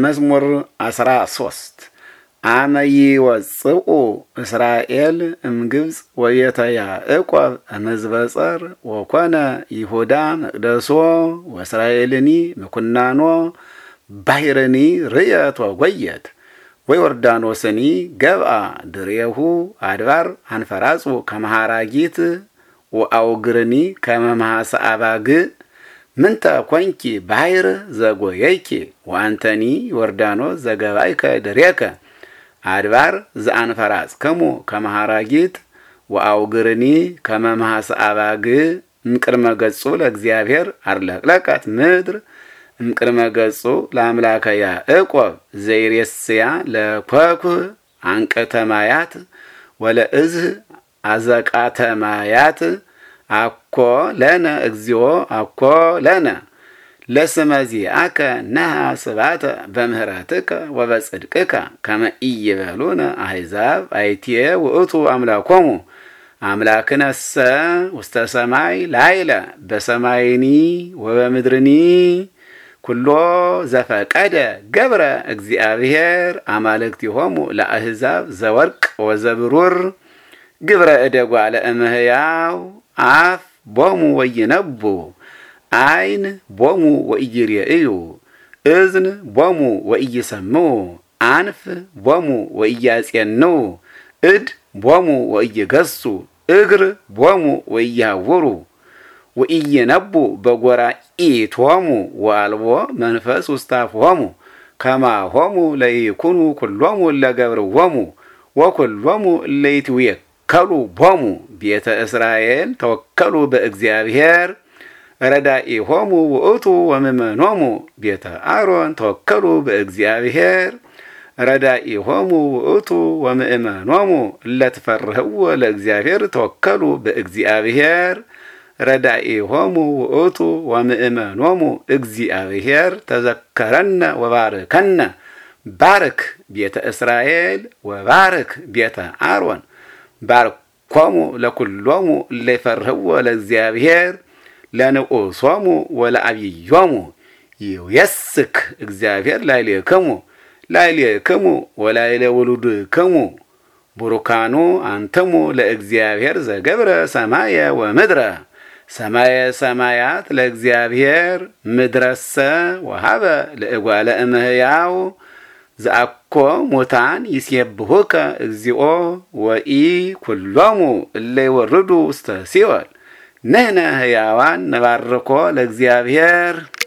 መዝሙር 13 አነ ይወፅኡ እስራኤል እምግብፅ ወየተ ያዕቆብ እምዝበ ወኮነ ይሁዳ መቅደሶ ወእስራኤልኒ ምኩናኖ ባሕርኒ ርየት ወጐየት ወዮርዳኖስኒ ገብአ ድሬሁ አድባር አንፈራጹ ከመሃራጊት ወአውግርኒ ከመ መሃሰ ምንተ ኮንኪ ባሕር ዘጎየይኪ ወአንተኒ ዮርዳኖስ ዘገባይከ ድሬከ አድባር ዘአንፈራጽከሙ ከመሃራጊት ወአውግርኒ ከመ አባግ እምቅድመ ገጹ ለእግዚአብሔር አርለቅለቀት ምድር እምቅድመ ገጹ ለአምላከ ያዕቆብ ዘይሬስያ ለኮኩህ አንቀተማያት ወለእዝህ አዘቃተማያት አኮ ለነ እግዚኦ አኮ ለነ ለስመዚ አከ ነሃ ስባተ በምህረትከ ወበጽድቅከ ከመ ኢይበሉነ አሕዛብ አይትየ ውእቱ አምላኮሙ አምላክነሰ ውስተ ሰማይ ላይለ በሰማይኒ ወበምድርኒ ኩሎ ዘፈቀደ ገብረ እግዚአብሔር አማልክቲሆሙ ለአሕዛብ ዘወርቅ ወዘብሩር ግብረ እደጓለ እምህያው አፍ ቦሙ ወይነቡ አይን ቦሙ ወእይርየ እዩ እዝን ቦሙ ወኢይሰምዑ አንፍ ቦሙ ወኢያጼኑ እድ ቦሙ ወእየገሱ እግር ቦሙ ወእያውሩ ወእየነቡ ወኢየነቡ በጐራኢቶሙ ወአልቦ መንፈስ ውስታፍሆሙ ሆሙ ለይኩኑ ኩሎሙ እለ ገብርዎሙ ወኩሎሙ እለ ይትዌከሉ ቦሙ ቤተ እስራኤል ተወከሉ በእግዚአብሔር ረዳኢሆሙ ውእቱ ወምእመኖሙ ቤተ አሮን ተወከሉ በእግዚአብሔር ረዳኢሆሙ ውእቱ ወምእመኖሙ እለትፈርህዎ ለእግዚአብሔር ተወከሉ በእግዚአብሔር ረዳኢሆሙ ውእቱ ወምእመኖሙ እግዚአብሔር ተዘከረነ ወባርከነ ባርክ ቤተ እስራኤል ወባርክ ቤተ አሮን ባርኩ ኮሙ ለኩሎሙ እለ ለእግዚአብሔር ለንዑሶሙ ወለዓብዮሙ ይውየስክ እግዚአብሔር ላዕሌክሙ ላዕሌክሙ ወላዕለ ውሉድክሙ ቡሩካኑ አንተሙ ለእግዚአብሔር ዘገብረ ሰማየ ወምድረ ሰማየ ሰማያት ለእግዚአብሔር ምድረሰ ወሃበ ለእጓለ እምህያው ዘአኮ ሙታን ይሴብሑከ እግዚኦ ወኢኩሎሙ እለ ይወርዱ ውስተ ሲኦል ንሕነ ሕያዋን ነባርኮ ለእግዚአብሔር